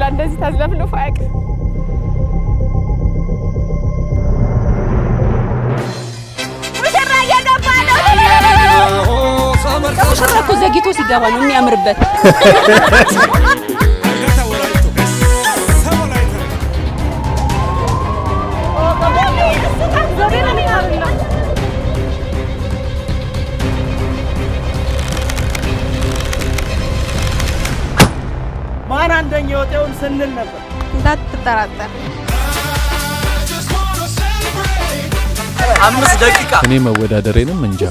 ሁላ እንደዚህ ተዝለፍልፎ አያውቅም። ሙሽራ እኮ ዘግይቶ ሲገባ ነው የሚያምርበት። ማን አንደኛ የወጤውን ስንል ነበር። እንዳትጠራጠር አምስት ደቂቃ እኔ መወዳደሬንም እንጃ